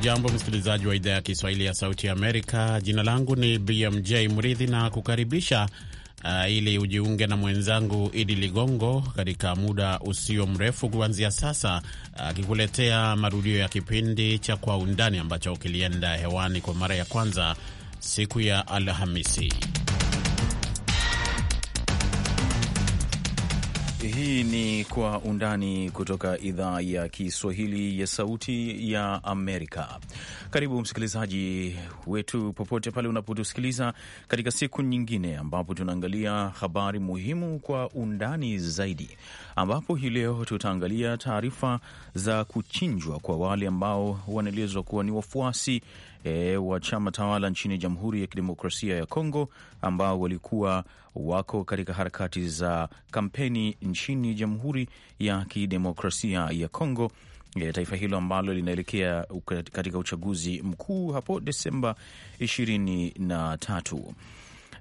Ujambo msikilizaji wa idhaa ya Kiswahili ya Sauti ya Amerika. Jina langu ni BMJ Mridhi na kukaribisha uh, ili ujiunge na mwenzangu Idi Ligongo katika muda usio mrefu kuanzia sasa, uh, akikuletea uh, marudio ya kipindi cha Kwa Undani ambacho kilienda hewani kwa mara ya kwanza siku ya Alhamisi. Hii ni Kwa Undani kutoka idhaa ya Kiswahili ya Sauti ya Amerika. Karibu msikilizaji wetu popote pale unapotusikiliza katika siku nyingine, ambapo tunaangalia habari muhimu kwa undani zaidi, ambapo hii leo tutaangalia taarifa za kuchinjwa kwa wale ambao wanaelezwa kuwa ni wafuasi e, wa chama tawala nchini Jamhuri ya Kidemokrasia ya Kongo ambao walikuwa wako katika harakati za kampeni nchini Jamhuri ya Kidemokrasia ya Kongo e, taifa hilo ambalo linaelekea katika uchaguzi mkuu hapo Desemba 23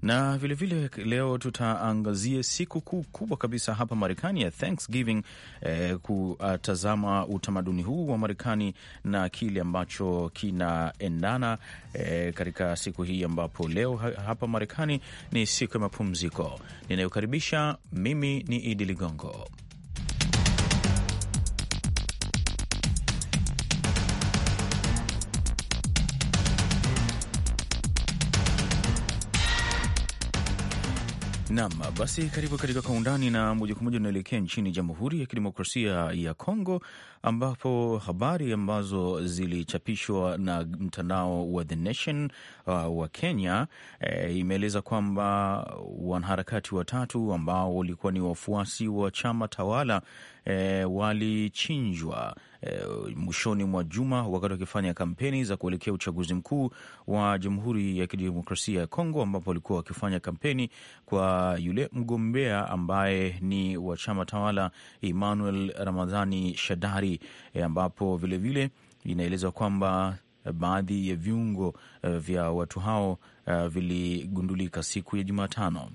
na vilevile vile leo tutaangazia siku kuu kubwa kabisa hapa Marekani ya Thanksgiving, eh, kutazama utamaduni huu wa Marekani na kile ambacho kinaendana eh, katika siku hii ambapo leo hapa Marekani ni siku ya mapumziko. Ninayokaribisha mimi ni Idi Ligongo. Nam, basi karibu katika kwa undani, na moja kwa moja unaelekea nchini Jamhuri ya Kidemokrasia ya Kongo, ambapo habari ambazo zilichapishwa na mtandao wa The Nation uh, wa Kenya e, imeeleza kwamba wanaharakati watatu ambao walikuwa ni wafuasi wa chama tawala e, walichinjwa e, mwishoni mwa juma wakati wakifanya kampeni za kuelekea uchaguzi mkuu wa Jamhuri ya Kidemokrasia ya Kongo, ambapo walikuwa wakifanya kampeni kwa yule mgombea ambaye ni wa chama tawala Emmanuel Ramadhani Shadari e, ambapo vilevile inaelezwa kwamba baadhi ya viungo uh, vya watu hao uh, viligundulika siku ya Jumatano.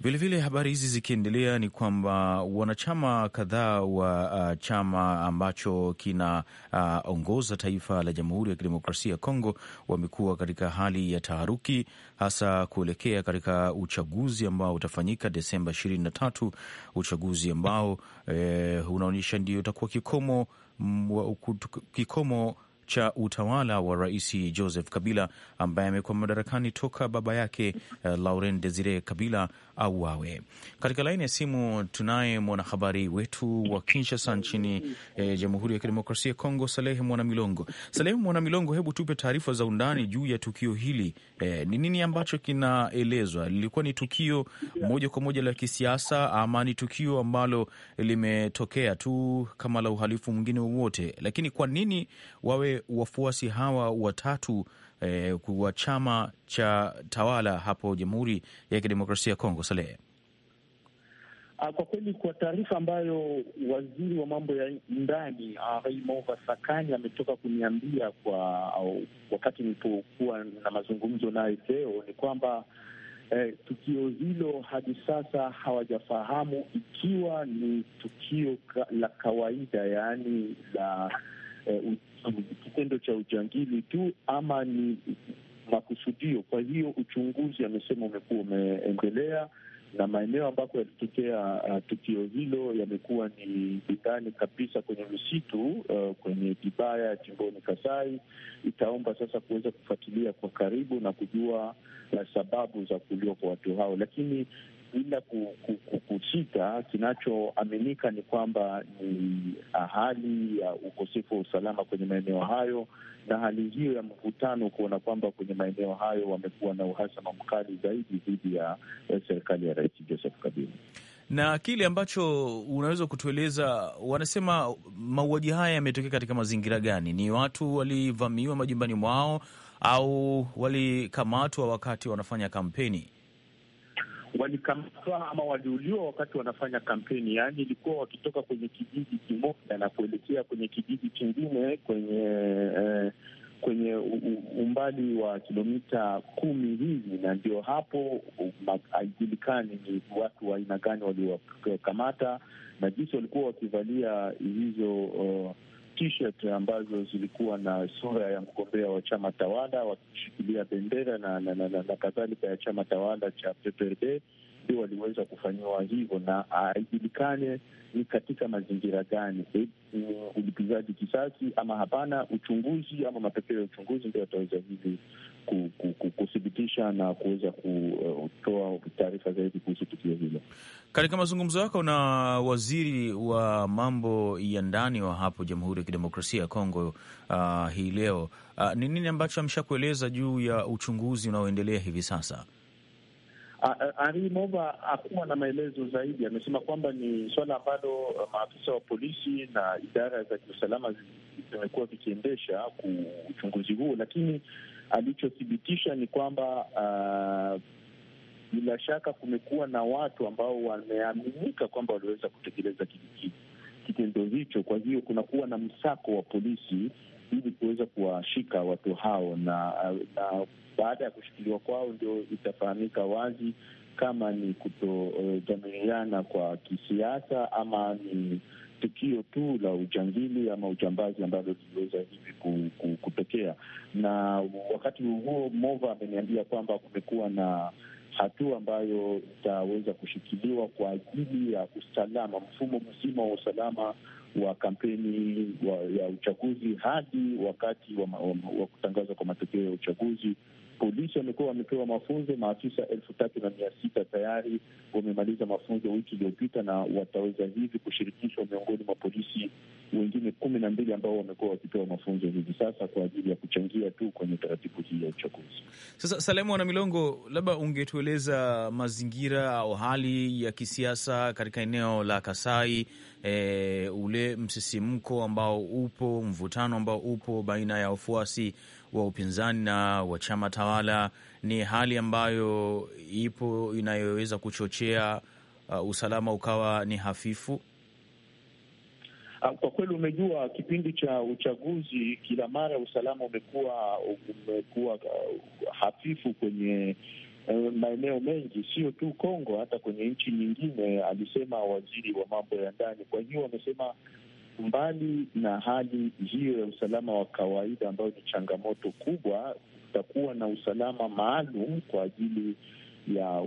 Vilevile habari hizi zikiendelea ni kwamba wanachama kadhaa wa uh, chama ambacho kinaongoza uh, taifa la Jamhuri ya Kidemokrasia ya Kongo wamekuwa katika hali ya taharuki, hasa kuelekea katika uchaguzi ambao utafanyika Desemba 23, uchaguzi ambao eh, unaonyesha ndio utakuwa kikomo, mm, kikomo cha utawala wa Rais Joseph Kabila ambaye amekuwa madarakani toka baba yake uh, Laurent Desire Kabila auawe. Katika laini ya simu tunaye mwanahabari wetu wa Kinshasa nchini eh, Jamhuri ya Kidemokrasia ya Kongo, Salehe Mwanamilongo. Salehe Mwanamilongo, hebu tupe taarifa za undani juu ya tukio hili. Eh, ni eh, nini ambacho kinaelezwa? Lilikuwa ni tukio moja kwa moja la kisiasa ama ni tukio ambalo limetokea tu kama la uhalifu mwingine wowote? Lakini kwa nini wawe wafuasi hawa watatu eh, wa chama cha tawala hapo Jamhuri ya Kidemokrasia ya Kongo. Salehe, ah, kwa kweli kwa taarifa ambayo waziri wa mambo ya ndani ah, Raimova sakani ametoka kuniambia kwa wakati nilipokuwa na mazungumzo naye leo ni kwamba Eh, tukio hilo hadi sasa hawajafahamu ikiwa ni tukio ka, la kawaida yaani la eh, kitendo cha ujangili tu ama ni makusudio. Kwa hiyo uchunguzi amesema umekuwa umeendelea na maeneo ambako yalitokea uh, tukio hilo yamekuwa ni ndani kabisa kwenye misitu uh, kwenye Dibaya jimboni Kasai. Itaomba sasa kuweza kufuatilia kwa karibu na kujua uh, sababu za kuuliwa kwa watu hao, lakini bila kusita, kinachoaminika ni kwamba ni ah, hali ya ukosefu wa usalama kwenye maeneo hayo, na hali hiyo ya mvutano, kuona kwamba kwenye maeneo hayo wamekuwa na uhasama mkali zaidi dhidi ya eh, serikali ya Rais Joseph Kabila na kile ambacho unaweza kutueleza, wanasema mauaji haya yametokea katika mazingira gani? Ni watu walivamiwa majumbani mwao au walikamatwa wakati wanafanya kampeni? walikamatwa ama waliuliwa wakati wanafanya kampeni, yaani ilikuwa wakitoka kwenye kijiji kimoja na kuelekea kwenye kijiji kingine kwenye eh, kwenye umbali wa kilomita kumi hivi, na ndio hapo haijulikani ni watu wa aina gani waliwakamata na jinsi walikuwa wakivalia hizo uh, t-shirt ambazo zilikuwa na sura ya mgombea wa chama tawala wakishikilia bendera na, na, na, na, na kadhalika ya chama tawala cha PPRD ndio waliweza kufanyiwa hivyo, na haijulikane ni katika mazingira gani, e, ulipizaji kisasi ama hapana. Uchunguzi ama matokeo ya uchunguzi ndio wataweza hivi kuthibitisha na kuweza kutoa taarifa zaidi kuhusu tukio hilo. Katika mazungumzo yako na waziri wa mambo ya ndani wa hapo Jamhuri ya Kidemokrasia ya Kongo uh, hii leo ah, ni uh, nini ambacho ameshakueleza juu ya uchunguzi unaoendelea hivi sasa? Ari mova hakuwa na maelezo zaidi. Amesema kwamba ni suala ambalo uh, maafisa wa polisi na idara za kiusalama zimekuwa zikiendesha uchunguzi huo, lakini alichothibitisha ni kwamba uh, bila shaka kumekuwa na watu ambao wameaminika kwamba waliweza kutekeleza kitendo hicho. Kwa hiyo kunakuwa na msako wa polisi ili kuweza kuwashika watu hao na, uh, na baada ya kushikiliwa kwao ndio itafahamika wazi kama ni kutojamiliana uh, kwa kisiasa ama ni tukio tu la ujangili ama ujambazi ambalo liliweza hivi kutokea. Na wakati huo Mova ameniambia kwamba kumekuwa na hatua ambayo itaweza kushikiliwa kwa ajili ya usalama, mfumo mzima wa usalama wa kampeni wa, ya uchaguzi hadi wakati wa, wa, wa kutangazwa kwa matokeo ya uchaguzi Polisi wamekuwa wamepewa mafunzo, maafisa elfu tatu na mia sita tayari wamemaliza mafunzo wiki iliyopita, na wataweza hivi kushirikishwa miongoni mwa polisi wengine kumi na mbili ambao wamekuwa wakipewa mafunzo hivi sasa kwa ajili ya kuchangia tu kwenye taratibu hii ya uchaguzi. Sasa Salemu Wana Milongo, labda ungetueleza mazingira au hali ya kisiasa katika eneo la Kasai, e, ule msisimko ambao upo, mvutano ambao upo baina ya wafuasi wa upinzani na wa chama tawala ni hali ambayo ipo inayoweza kuchochea uh, usalama ukawa ni hafifu. Ah, kwa kweli, umejua kipindi cha uchaguzi, kila mara usalama umekuwa umekuwa uh, hafifu kwenye uh, maeneo mengi, sio tu Kongo, hata kwenye nchi nyingine, alisema waziri wa mambo ya ndani. Kwa hiyo wamesema mbali na hali hiyo ya usalama wa kawaida ambayo ni changamoto kubwa, kutakuwa na usalama maalum kwa ajili ya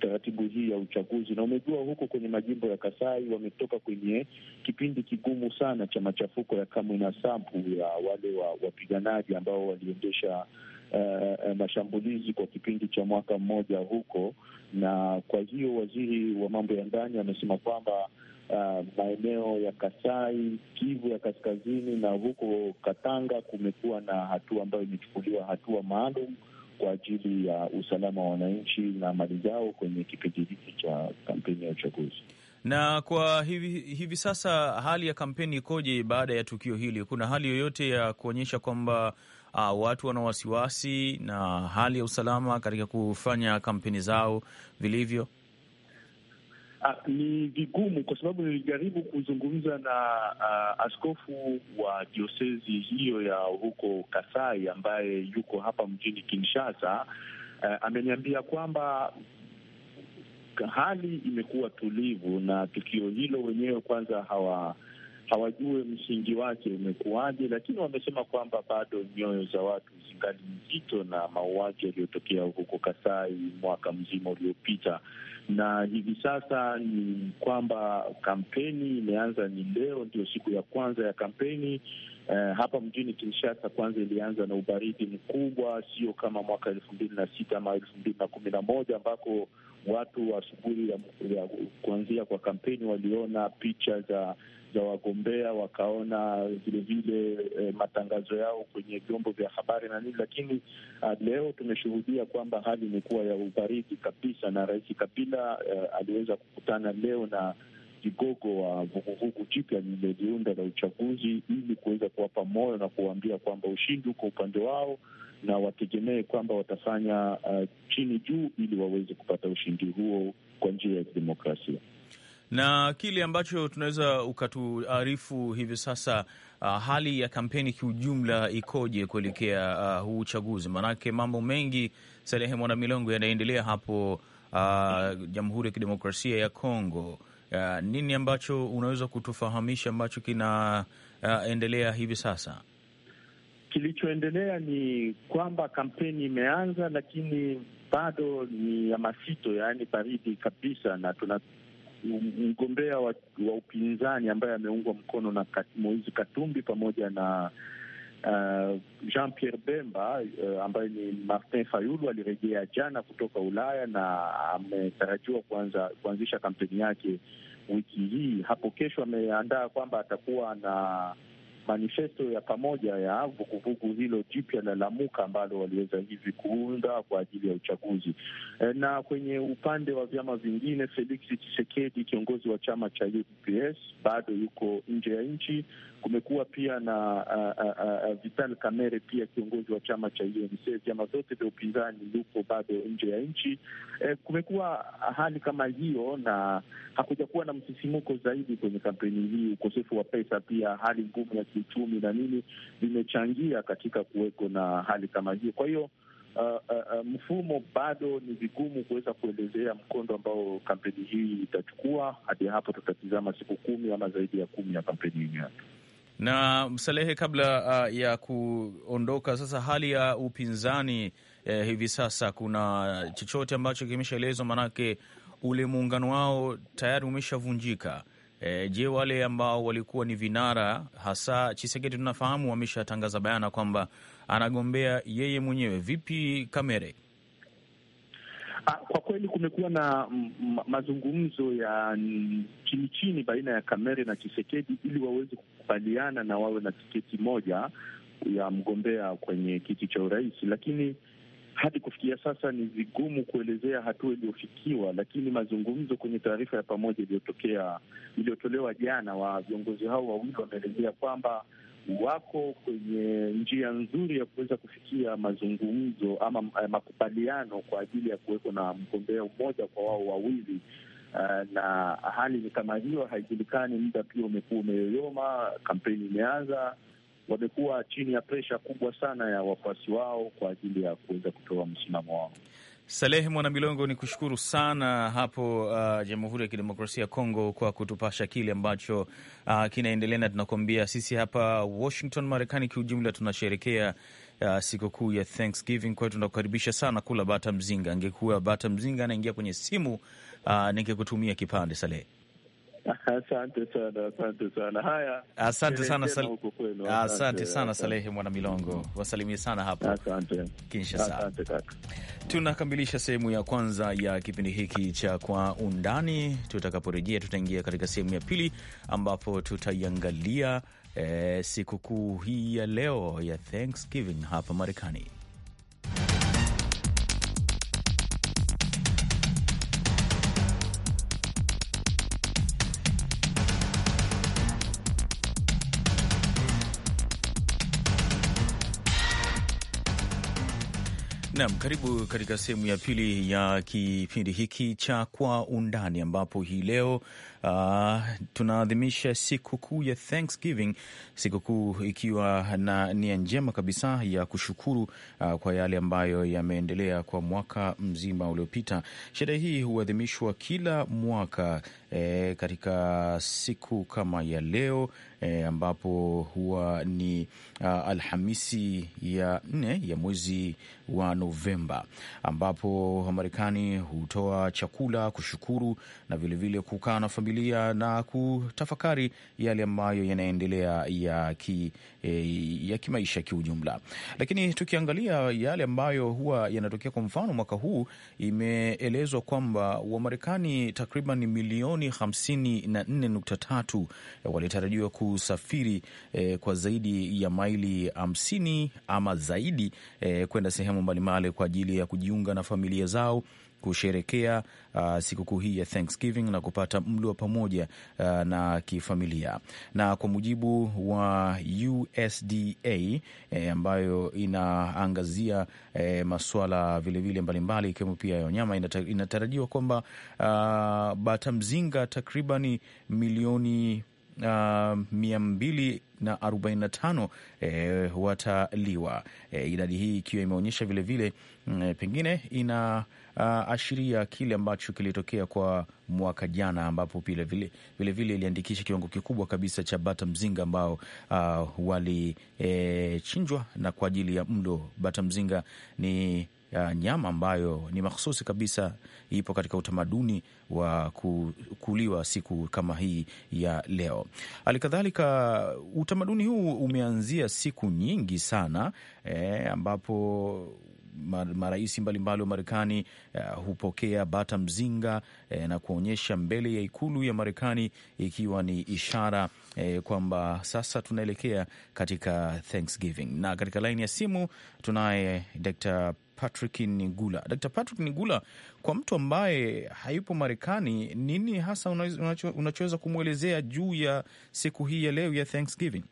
taratibu hii ya uchaguzi. Na umejua huko kwenye majimbo ya Kasai wametoka kwenye kipindi kigumu sana cha machafuko ya Kamwina Nsapu ya wale wa wapiganaji ambao waliendesha uh, mashambulizi kwa kipindi cha mwaka mmoja huko, na kwa hiyo waziri wa mambo ya ndani amesema kwamba uh, maeneo ya Kasai, Kivu ya kaskazini na huko Katanga kumekuwa na hatua ambayo imechukuliwa, hatua maalum kwa ajili ya usalama wa wananchi na mali zao kwenye kipindi hiki cha kampeni ya uchaguzi. Na kwa hivi, hivi sasa hali ya kampeni ikoje baada ya tukio hili? Kuna hali yoyote ya kuonyesha kwamba uh, watu wana wasiwasi na hali ya usalama katika kufanya kampeni zao vilivyo? Uh, ni vigumu kwa sababu nilijaribu kuzungumza na uh, askofu wa diosezi hiyo ya huko Kasai ambaye yuko hapa mjini Kinshasa. Uh, ameniambia kwamba hali imekuwa tulivu na tukio hilo wenyewe kwanza hawa hawajue msingi wake umekuwaje, lakini wamesema kwamba bado nyoyo za watu zingali nzito na mauaji yaliyotokea huko Kasai mwaka mzima uliopita na hivi sasa ni kwamba kampeni imeanza, ni leo ndio siku ya kwanza ya kampeni. eh, hapa mjini Kinshasa kwanza ilianza na ubaridi mkubwa, sio kama mwaka elfu mbili na sita ama elfu mbili na kumi na moja ambako watu asubuhi wa ya, ya kuanzia kwa kampeni waliona picha za za wagombea wakaona vilevile eh, matangazo yao kwenye vyombo vya habari na nini, lakini uh, leo tumeshuhudia kwamba hali imekuwa ya ubaridi kabisa, na Rais Kabila uh, aliweza kukutana leo na vigogo wa vuguvugu jipya lililojiunda la uchaguzi ili kuweza kuwapa moyo na kuwaambia kwamba ushindi uko upande wao na wategemee kwamba watafanya uh, chini juu ili waweze kupata ushindi huo kwa njia ya kidemokrasia na kile ambacho tunaweza ukatuarifu hivi sasa uh, hali ya kampeni kiujumla ikoje kuelekea uh, huu uchaguzi? Maanake mambo mengi Salehe Mwana Milongo yanaendelea hapo uh, Jamhuri ya Kidemokrasia ya Kongo. Uh, nini ambacho unaweza kutufahamisha ambacho kinaendelea uh, hivi sasa? Kilichoendelea ni kwamba kampeni imeanza, lakini bado ni ya masito, yaani baridi kabisa, na tuna mgombea wa, wa upinzani ambaye ameungwa mkono na Moizi Katumbi pamoja na uh, Jean Pierre Bemba uh, ambaye ni Martin Fayulu alirejea jana kutoka Ulaya na ametarajiwa kuanza kuanzisha kampeni yake wiki hii. Hapo kesho ameandaa kwamba atakuwa na manifesto ya pamoja ya vuguvugu hilo jipya la Lamuka ambalo waliweza hivi kuunda kwa ajili ya uchaguzi. Eh, na kwenye upande wa vyama vingine, Felix chisekedi kiongozi wa chama cha UPS, bado yuko nje ya nchi. Kumekuwa pia na a, a, a, Vital Kamerhe pia kiongozi wa chama cha UNC. Vyama vyote vya upinzani yupo bado nje ya nchi. E, kumekuwa hali kama hiyo, na hakuja kuwa na msisimuko zaidi kwenye kampeni hii. Ukosefu wa pesa pia, hali ngumu ya kiuchumi na nini vimechangia katika kuweko na hali kama hiyo. Kwa hiyo uh, uh, uh, mfumo bado ni vigumu kuweza kuelezea mkondo ambao kampeni hii itachukua. Hadi hapo tutatizama siku kumi ama zaidi ya kumi ya kampeni yenyewe na Msalehe, kabla uh, ya kuondoka sasa, hali ya upinzani eh, hivi sasa kuna chochote ambacho kimeshaelezwa? Maanake ule muungano wao tayari umeshavunjika. E, je, wale ambao walikuwa ni vinara hasa Chisekedi tunafahamu wameshatangaza bayana kwamba anagombea yeye mwenyewe. Vipi Kamere? Ah, kwa kweli kumekuwa na mazungumzo ya chini chini baina ya Kamere na Chisekedi ili waweze kukubaliana na wawe na tiketi moja ya mgombea kwenye kiti cha urais, lakini hadi kufikia sasa ni vigumu kuelezea hatua iliyofikiwa, lakini mazungumzo kwenye taarifa ya pamoja iliyotokea iliyotolewa jana wa viongozi hao wawili wameelezea kwamba wako kwenye njia nzuri ya kuweza kufikia mazungumzo ama eh, makubaliano kwa ajili ya kuweko na mgombea mmoja kwa wao wawili. Uh, na hali ni kama hiyo, haijulikani. Muda pia umekuwa umeyoyoma, kampeni imeanza wamekuwa chini ya presha kubwa sana ya wafuasi wao kwa ajili ya kuweza kutoa msimamo wao. Salehe Mwanamilongo, ni kushukuru sana hapo uh, Jamhuri ya Kidemokrasia ya Kongo kwa kutupasha kile ambacho uh, kinaendelea, na tunakuambia sisi hapa Washington Marekani kiujumla tunasherekea uh, sikukuu ya Thanksgiving. Kwa hiyo tunakukaribisha sana kula bata mzinga. Angekuwa bata mzinga anaingia kwenye simu, uh, ningekutumia kipande Salehe. Asante sana, asante sana. Haya, asante sana sal... Ah, asante, asante sana Salehe Mwana Milongo, wasalimie sana hapo Kinshasa. Tunakamilisha sehemu ya kwanza ya kipindi hiki cha Kwa Undani. Tutakaporejea tutaingia katika sehemu ya pili ambapo tutaiangalia eh, sikukuu hii ya leo ya Thanksgiving hapa Marekani. Naam, karibu katika sehemu ya pili ya kipindi hiki cha Kwa Undani, ambapo hii leo uh, tunaadhimisha sikukuu ya Thanksgiving, sikukuu ikiwa na nia njema kabisa ya kushukuru uh, kwa yale ambayo yameendelea kwa mwaka mzima uliopita. Sherehe hii huadhimishwa kila mwaka eh, katika siku kama ya leo e, ambapo huwa ni uh, Alhamisi ya nne ya mwezi wa Novemba, ambapo Wamarekani hutoa chakula kushukuru na vilevile kukaa na familia na kutafakari yale ambayo yanaendelea ya, ki, e, ya kimaisha kiujumla. Lakini tukiangalia yale ambayo huwa yanatokea, kwa mfano mwaka huu imeelezwa kwamba Wamarekani takriban milioni 54.3 walitarajiwa ku kusafiri eh, kwa zaidi ya maili hamsini ama zaidi eh, kwenda sehemu mbalimbali kwa ajili ya kujiunga na familia zao kusherekea uh, sikukuu hii ya Thanksgiving na kupata mlo wa pamoja uh, na kifamilia. Na kwa mujibu wa USDA eh, ambayo inaangazia eh, maswala vilevile mbalimbali ikiwemo pia ya wanyama, inatarajiwa kwamba uh, bata mzinga takribani milioni 245 e, wataliwa e, idadi hii ikiwa imeonyesha vilevile vile, mm, eh, pengine ina uh, ashiria kile ambacho kilitokea kwa mwaka jana ambapo vilevile vile iliandikisha kiwango kikubwa kabisa cha bata mzinga ambao ah, walichinjwa, eh, e, na kwa ajili ya mlo. Bata mzinga ni ya nyama ambayo ni makhususi kabisa ipo katika utamaduni wa kuliwa siku kama hii ya leo. Halikadhalika, utamaduni huu umeanzia siku nyingi sana eh, ambapo marais mbalimbali wa Marekani uh, hupokea bata mzinga eh, na kuonyesha mbele ya ikulu ya Marekani ikiwa ni ishara eh, kwamba sasa tunaelekea katika Thanksgiving. Na katika laini ya simu tunaye Dr. Patrick Nigula. Dr. Patrick Nigula, kwa mtu ambaye hayupo Marekani, nini hasa unachoweza kumwelezea juu ya siku hii ya leo ya Thanksgiving?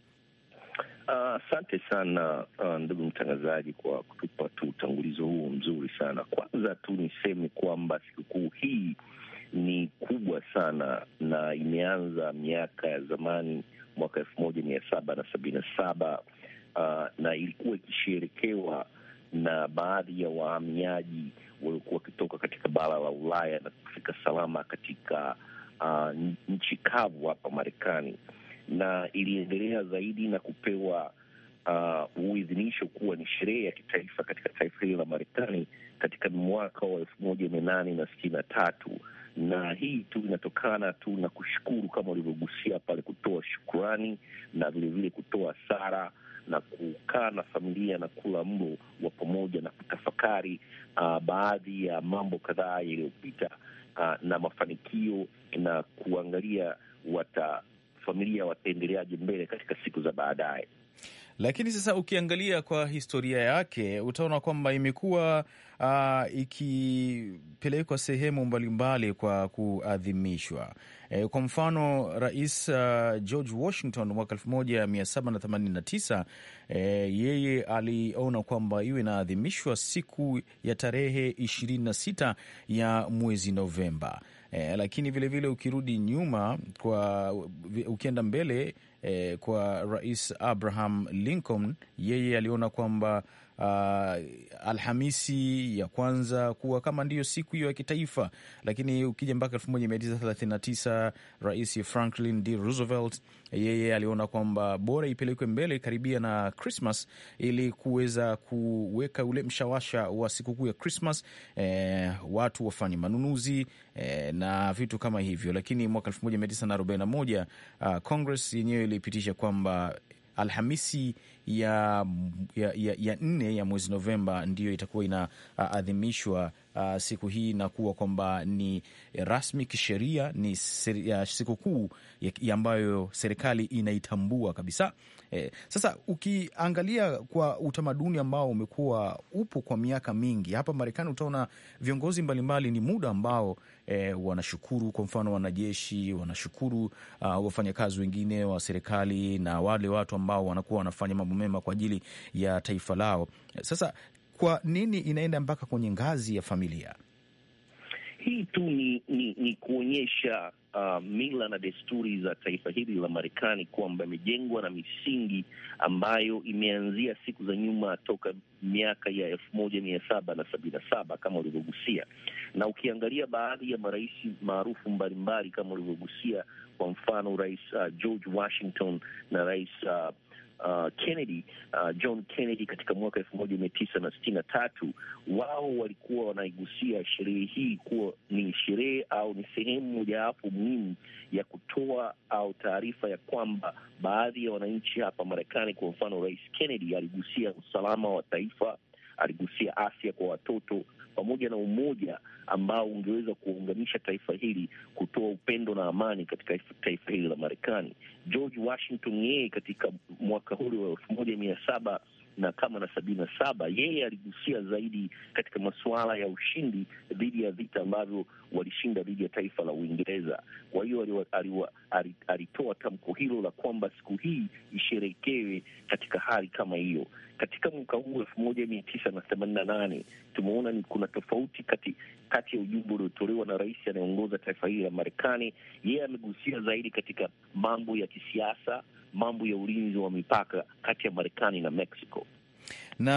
Asante uh, sana uh, ndugu mtangazaji kwa kutupa tu utangulizo huo mzuri sana. Kwanza tu niseme kwamba sikukuu hii ni kubwa sana na imeanza miaka ya zamani, mwaka elfu moja mia saba na sabini na saba uh, na ilikuwa ikisherekewa na baadhi ya wahamiaji waliokuwa wakitoka katika bara la Ulaya na kufika salama katika uh, nchi kavu hapa Marekani, na iliendelea zaidi na kupewa uh, uidhinisho kuwa ni sherehe ya kitaifa katika taifa hili la Marekani katika mwaka wa elfu moja mia nane na sitini na tatu na hii tu inatokana tu na kushukuru kama ulivyogusia pale, kutoa shukurani na vilevile kutoa sara na kukaa na familia na kula mlo wa pamoja na kutafakari uh, baadhi ya mambo kadhaa yaliyopita uh, na mafanikio na kuangalia wata familia wataendeleaje mbele katika siku za baadaye. Lakini sasa ukiangalia kwa historia yake utaona kwamba imekuwa uh, ikipelekwa sehemu mbalimbali kwa kuadhimishwa. E, kwa mfano Rais uh, George Washington mwaka 1789 e, eh, yeye aliona kwamba iwe inaadhimishwa siku ya tarehe 26 ya mwezi Novemba e, lakini vilevile vile ukirudi nyuma kwa ukienda mbele e, kwa Rais Abraham Lincoln, yeye aliona kwamba uh, Alhamisi ya kwanza kuwa kama ndiyo siku hiyo ya kitaifa, lakini ukija mpaka tisa Rais Franklin D Roosevelt yeye aliona kwamba bora ipelekwe mbele karibia na Christmas ili kuweza kuweka ule mshawasha wa sikukuu ya Christmas, eh, watu wafanye manunuzi eh, na vitu kama hivyo, lakini mwaka 1941 uh, Congress yenyewe ilipitisha kwamba Alhamisi ya, ya, ya, ya nne ya mwezi Novemba ndiyo itakuwa inaadhimishwa uh, siku hii na kuwa kwamba ni rasmi kisheria, ni sikukuu ambayo serikali inaitambua kabisa Eh, sasa ukiangalia kwa utamaduni ambao umekuwa upo kwa miaka mingi hapa Marekani, utaona viongozi mbalimbali ni muda ambao E, wanashukuru kwa mfano wanajeshi wanashukuru, uh, wafanyakazi wengine wa serikali na wale watu ambao wanakuwa wanafanya mambo mema kwa ajili ya taifa lao. Sasa kwa nini inaenda mpaka kwenye ngazi ya familia? Hii tu ni, ni, ni kuonyesha uh, mila na desturi za taifa hili la Marekani kwamba imejengwa na misingi ambayo imeanzia siku za nyuma toka miaka ya elfu moja mia saba na sabini na saba kama ulivyogusia, na ukiangalia baadhi ya marais maarufu mbalimbali kama ulivyogusia, kwa mfano Rais uh, George Washington na Rais uh, uh, Kennedy uh, John Kennedy katika mwaka elfu moja mia tisa na sitini na tatu, wao walikuwa wanaigusia sherehe hii kuwa ni sherehe au ni sehemu mojawapo muhimu ya kutoa au taarifa ya kwamba baadhi ya wananchi hapa Marekani, kwa mfano Rais Kennedy aligusia usalama wa taifa, aligusia afya kwa watoto pamoja na umoja ambao ungeweza kuunganisha taifa hili, kutoa upendo na amani katika taifa hili la Marekani. George Washington yeye katika mwaka huli wa elfu moja mia saba na kama na sabini na saba yeye aligusia zaidi katika masuala ya ushindi dhidi ya vita ambavyo walishinda dhidi ya taifa la Uingereza. Kwa hiyo alitoa tamko hilo la kwamba siku hii isherekewe katika hali kama hiyo. Katika mwaka huu elfu moja mia tisa na themanini na nane tumeona ni kuna tofauti kati kati ya ujumbe uliotolewa na rais anayeongoza taifa hili la Marekani. Yeye amegusia zaidi katika mambo ya kisiasa mambo ya ulinzi wa mipaka kati ya Marekani na Mexico na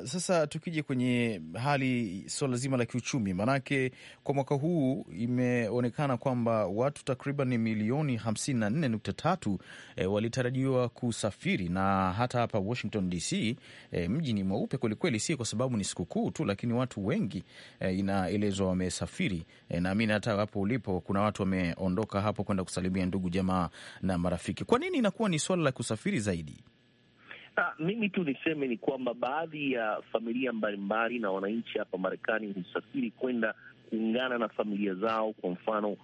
uh, sasa tukija kwenye hali swala zima la kiuchumi, maanake kwa mwaka huu imeonekana kwamba watu takriban milioni 54.3 e, eh, walitarajiwa kusafiri, na hata hapa Washington DC e, eh, mji ni mweupe kwelikweli, si kwa sababu ni sikukuu tu, lakini watu wengi e, inaelezwa wamesafiri e, naamini hata hapo ulipo kuna watu wameondoka hapo kwenda kusalimia ndugu jamaa na marafiki. Kwa nini inakuwa ni swala la kusafiri zaidi? Ha, ah, mimi tu niseme ni kwamba baadhi ya familia mbalimbali na wananchi hapa Marekani husafiri kwenda kuungana na familia zao, kwa mfano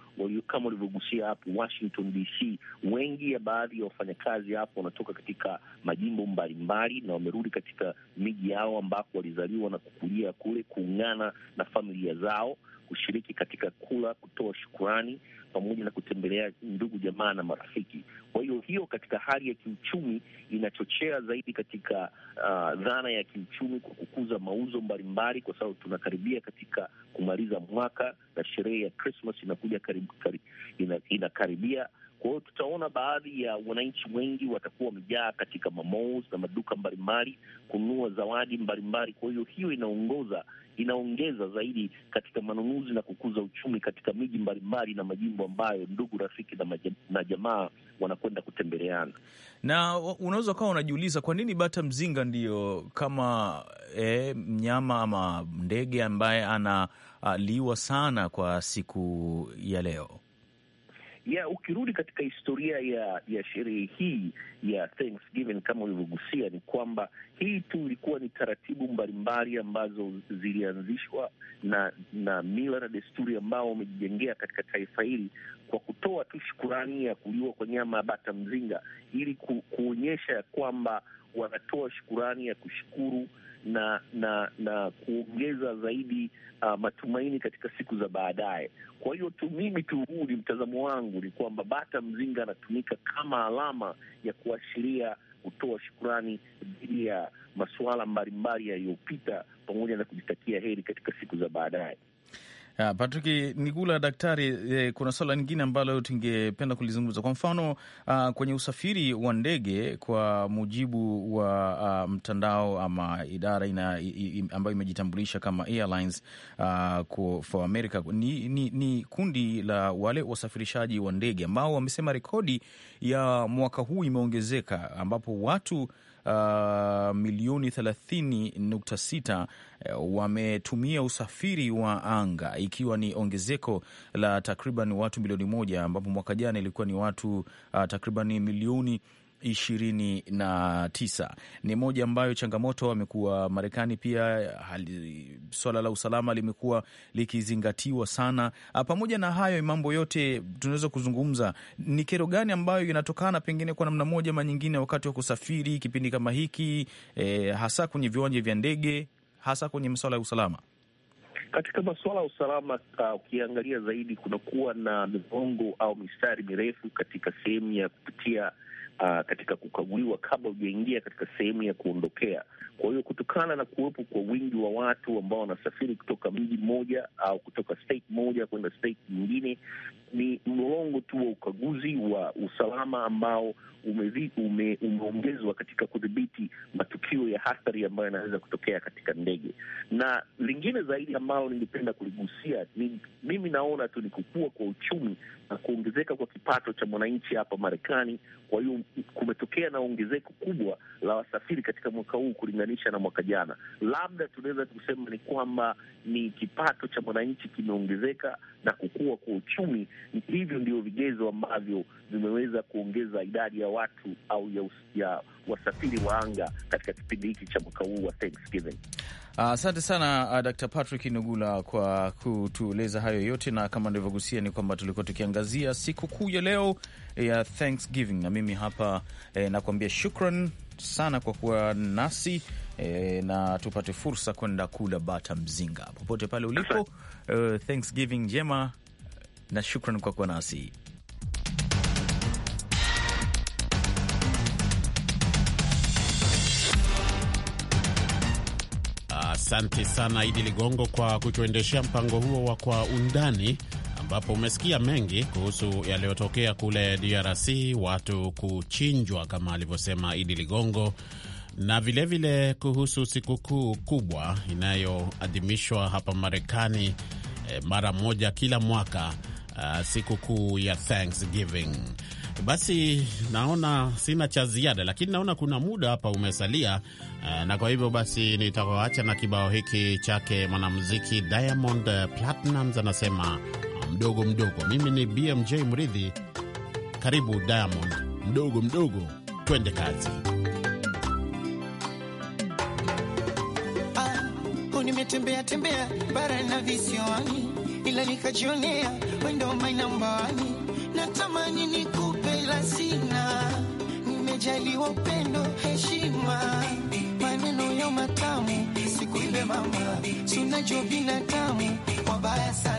kama ulivyogusia hapo Washington DC, wengi ya baadhi ya wafanyakazi hapo wanatoka katika majimbo mbalimbali na wamerudi katika miji yao ambako walizaliwa na kukulia kule, kuungana na familia zao, kushiriki katika kula, kutoa shukurani pamoja na kutembelea ndugu jamaa na marafiki. Kwa hiyo hiyo, katika hali ya kiuchumi inachochea zaidi katika uh, dhana ya kiuchumi kwa kukuza mauzo mbalimbali, kwa sababu tunakaribia katika kumaliza mwaka na sherehe ya Krismas inakuja karibu inakaribia. Kwa hiyo tutaona baadhi ya wananchi wengi watakuwa wamejaa katika mamos na maduka mbalimbali kununua zawadi mbalimbali. Kwa hiyo hiyo inaongoza inaongeza zaidi katika manunuzi na kukuza uchumi katika miji mbalimbali na majimbo ambayo ndugu, rafiki na, na jamaa wanakwenda kutembeleana. Na unaweza ukawa unajiuliza kwa nini bata mzinga ndiyo kama e, mnyama ama ndege ambaye ana Uh, liwa sana kwa siku ya leo ya ukirudi katika historia ya ya sherehe hii ya Thanksgiving kama ulivyogusia, ni kwamba hii tu ilikuwa ni taratibu mbalimbali ambazo zilianzishwa na na mila na desturi ambao wamejijengea katika taifa hili kwa kutoa tu shukurani ya kuliwa kwa nyama ya bata mzinga, ili ku, kuonyesha ya kwamba wanatoa shukurani ya kushukuru na na na kuongeza zaidi uh, matumaini katika siku za baadaye. Kwa hiyo tu mimi tu, huu ni mtazamo wangu, ni kwamba bata mzinga anatumika kama alama ya kuashiria kutoa shukurani dhidi ya masuala mbalimbali yaliyopita pamoja na kujitakia heri katika siku za baadaye. Patrick Nigula, daktari, eh, kuna swala lingine ambalo tungependa kulizungumza, kwa mfano uh, kwenye usafiri wa ndege, kwa mujibu wa uh, mtandao ama idara ina, i, i, ambayo imejitambulisha kama Airlines uh, for America ni, ni, ni kundi la wale wasafirishaji wa ndege ambao wamesema rekodi ya mwaka huu imeongezeka ambapo watu uh, milioni 30.6 uh, wametumia usafiri wa anga ikiwa ni ongezeko la takriban watu milioni moja ambapo mwaka jana ilikuwa ni watu uh, takriban milioni ishirini na tisa ni moja ambayo changamoto amekuwa Marekani. Pia hali, swala la usalama limekuwa likizingatiwa sana. Ah, pamoja na hayo mambo yote, tunaweza kuzungumza ni kero gani ambayo inatokana pengine kwa namna moja ama nyingine wakati wa kusafiri kipindi kama hiki eh, hasa kwenye viwanja vya ndege, hasa kwenye masuala ya usalama. Katika masuala ya usalama uh, ukiangalia zaidi kunakuwa na migongo au mistari mirefu katika sehemu ya kupitia uh, katika kukaguliwa kabla hujaingia katika sehemu ya kuondokea. Kwa hiyo kutokana na kuwepo kwa wingi wa watu ambao wanasafiri kutoka mji mmoja au kutoka state moja kwenda state nyingine, ni mlolongo tu wa ukaguzi wa usalama ambao umeongezwa ume, ume katika kudhibiti matukio ya hatari ambayo yanaweza kutokea katika ndege. Na lingine zaidi ambalo ningependa kuligusia ni mimi naona tu ni kukua kwa uchumi na kuongezeka kwa kipato cha mwananchi hapa Marekani. Kwa hiyo kumetokea na ongezeko kubwa la wasafiri katika mwaka huu kulinganisha na mwaka jana. Labda tunaweza kusema ni kwamba ni kipato cha mwananchi kimeongezeka na kukua kwa uchumi. Hivyo ndio vigezo ambavyo vimeweza kuongeza idadi ya watu au ya, ya wasafiri wa anga katika kipindi hiki cha mwaka huu wa Thanksgiving. Asante uh, sana uh, Dr. Patrick Nugula kwa kutueleza hayo yote, na kama nilivyogusia ni kwamba tulikuwa tukiangazia siku kuu ya leo ya Thanksgiving, na mimi hapa eh, nakuambia shukran sana kwa kuwa nasi eh, na tupate fursa kwenda kula bata mzinga popote pale ulipo. Uh, Thanksgiving njema na shukran kwa kuwa nasi. Asante sana Idi Ligongo kwa kutuendeshea mpango huo wa Kwa Undani, ambapo umesikia mengi kuhusu yaliyotokea kule DRC, watu kuchinjwa kama alivyosema Idi Ligongo, na vilevile vile kuhusu sikukuu kubwa inayoadhimishwa hapa Marekani eh, mara moja kila mwaka, ah, sikukuu ya Thanksgiving. Basi naona sina cha ziada, lakini naona kuna muda hapa umesalia, eh, na kwa hivyo basi nitakuacha na kibao hiki chake mwanamuziki Diamond Platnumz, anasema mdogo mdogo. Mimi ni BMJ Mridhi, karibu Diamond mdogo mdogo, twende kazi. Ah, nimetembea tembea bara na visiwani, ila nikajionea wendo mainambawani Jaliwa upendo, heshima, maneno ya matamu, sikuibe mama, sunacho binadamu wabaya sana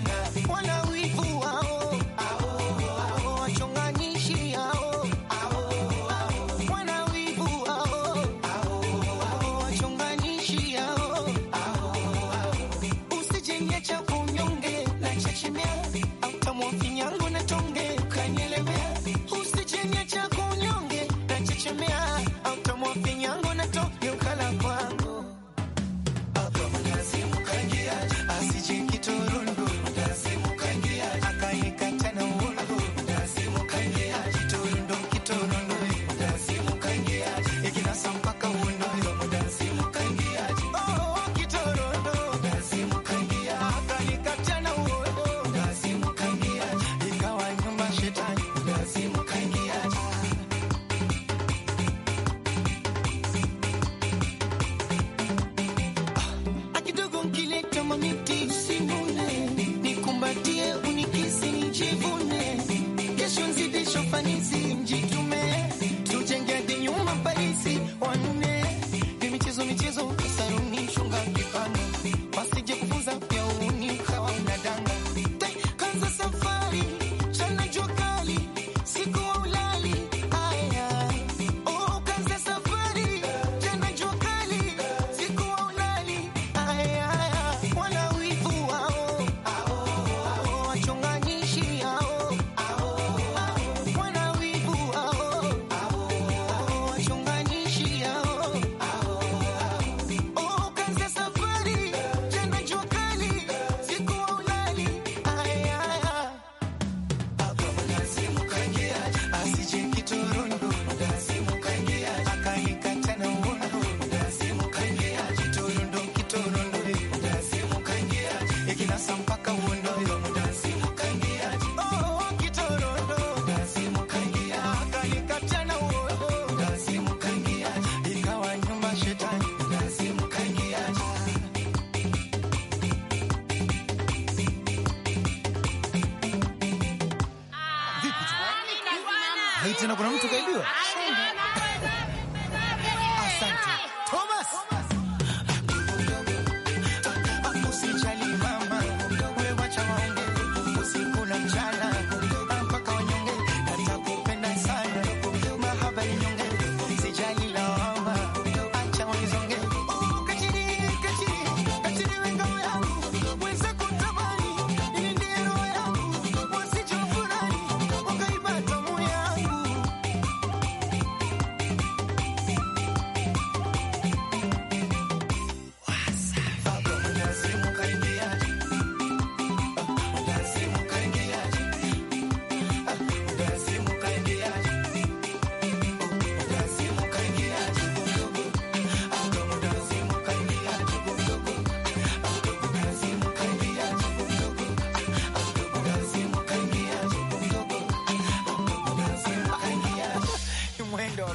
Eti no no mtu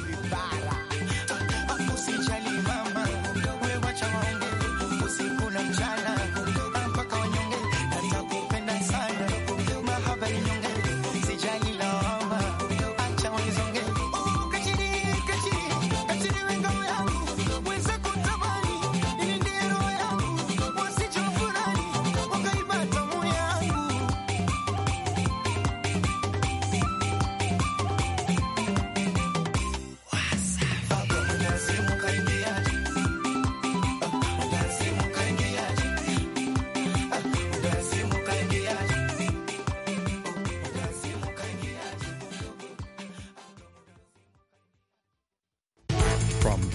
on